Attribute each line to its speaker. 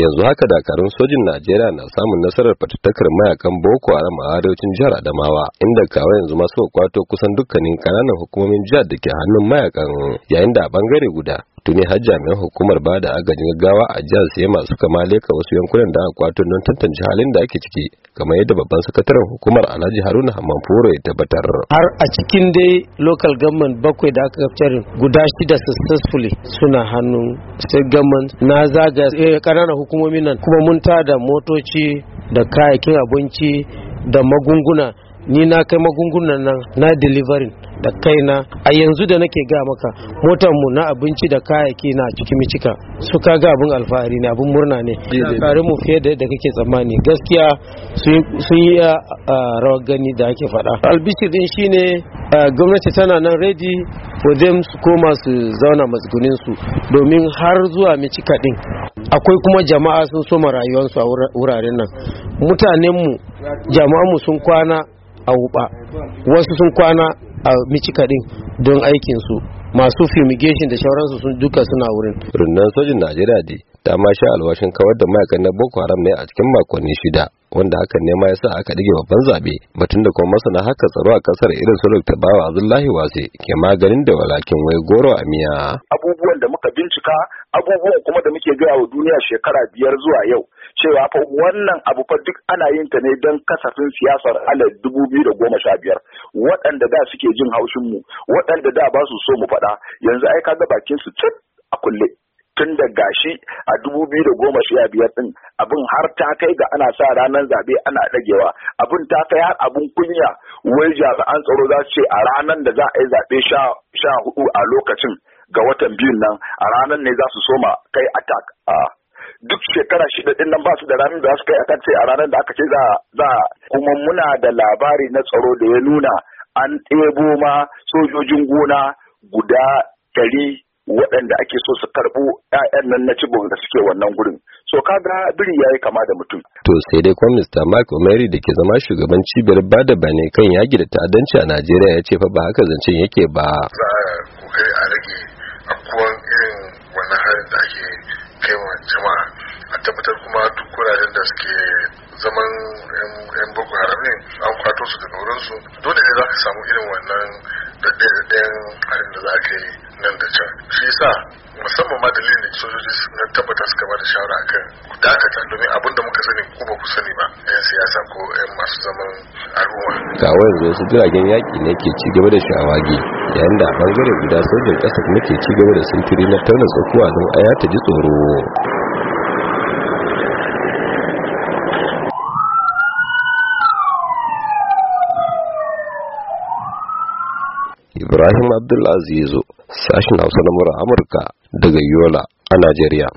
Speaker 1: yanzu haka dakarun sojin najeriya na samun nasarar fatattakar mayakan boko haram a arewacin jihar adamawa inda kawai yanzu masu kwato kusan dukkanin kananan hukumomin jihar da ke hannun mayakan yayin da a bangare guda tuni har jami'an hukumar ba da agajin gaggawa a jihar masu suka leka wasu yankunan da aka kwato don tantance halin da ake ciki kamar yadda babban sakataren hukumar Alhaji Haruna Hamanforo ya tabbatar.
Speaker 2: Har a cikin dai local government bakwai da aka kafcari guda shida successfully suna hannu state government na zaga kananan eh, hukumomi nan kuma mun tada motoci da kayayyakin abinci da magunguna ni na kai magungunan nan na delivering da kaina a yanzu da nake ga maka motar mu na abinci da kayayyaki na cikin micika su ka ga abin alfahari ne abin murna ne tare mu fiye da yadda kake tsammani gaskiya sun yi rawa gani da ake faɗa albishir din shine gwamnati tana nan ready for them su koma su zauna matsugunin su domin har zuwa micika din akwai kuma jama'a sun soma rayuwarsu a wuraren nan mutanenmu mu sun kwana a wuba wasu sun kwana a micika din don aikinsu masu fumigation da shawararsu sun duka suna wurin
Speaker 1: rundunar sojin najeriya ta ma sha alwashin kawar da mayakan na Boko Haram ne a cikin makonni shida wanda hakan nema ya sa aka dige babban zabe batun da kuma masana haka tsaro a kasar irin su Dr. Bawa Abdullahi Wase ke maganin da walakin wai goro a miya
Speaker 3: abubuwan da muka bincika abubuwan kuma da muke gaya wa duniya shekara biyar zuwa yau cewa fa wannan abu fa duk ana yin ta ne don kasafin siyasar alal dubu biyu da goma sha biyar waɗanda da suke jin haushin mu waɗanda da ba su so mu faɗa yanzu ai kaga bakin su tun a kulle tun da gashi a dubu biyu da goma sha biyar din abin har ta kai ga ana sa ranar zabe ana ɗagewa abin ta kai har abin kunya wai jami'an tsaro za su ce a ranar da za a yi zabe sha hudu a lokacin ga watan biyun nan a ranar ne za su soma kai attack a duk shekara shida din nan ba su da ranar da su kai attack sai a ranar da aka ce za kuma muna da labari na tsaro da ya nuna an ɗebo ma sojojin gona guda ɗari waɗanda ake so su karɓo 'ya'yan nan na cibin da suke wannan gurin so kaga biri yayi kama da mutum
Speaker 1: to sai dai Kwan Mr. Mark Omeri da ke zama shugaban cibiyar bada bane kan yaki da ta'addanci a Najeriya ya ce fa ba haka zancen yake
Speaker 3: ba za a rage akuwan irin wannan da kai jama'a a tabbatar kuma duk wuraren da suke zaman yan boko an kwato su daga wurinsu dole ne za ka samu irin wannan daddaɗaɗɗen harin da za ka yi nan da can shi yasa musamman ma dalilin sojoji na
Speaker 1: tabbata suka ba da shawara a kan dakata domin abin da muka sani ko ba ku sani ba yan siyasa ko yan masu zaman al'umma ga wayanzu wasu jiragen yaƙi ne ke ci gaba da shawagi yayin da a bangare guda sojan ƙasa kuma ke ci gaba da sintiri na tauna tsakuwa don a ya ta ji tsoro Ibrahim Abdulaziz sashin Hausa na Amurka daga Yola a Najeriya.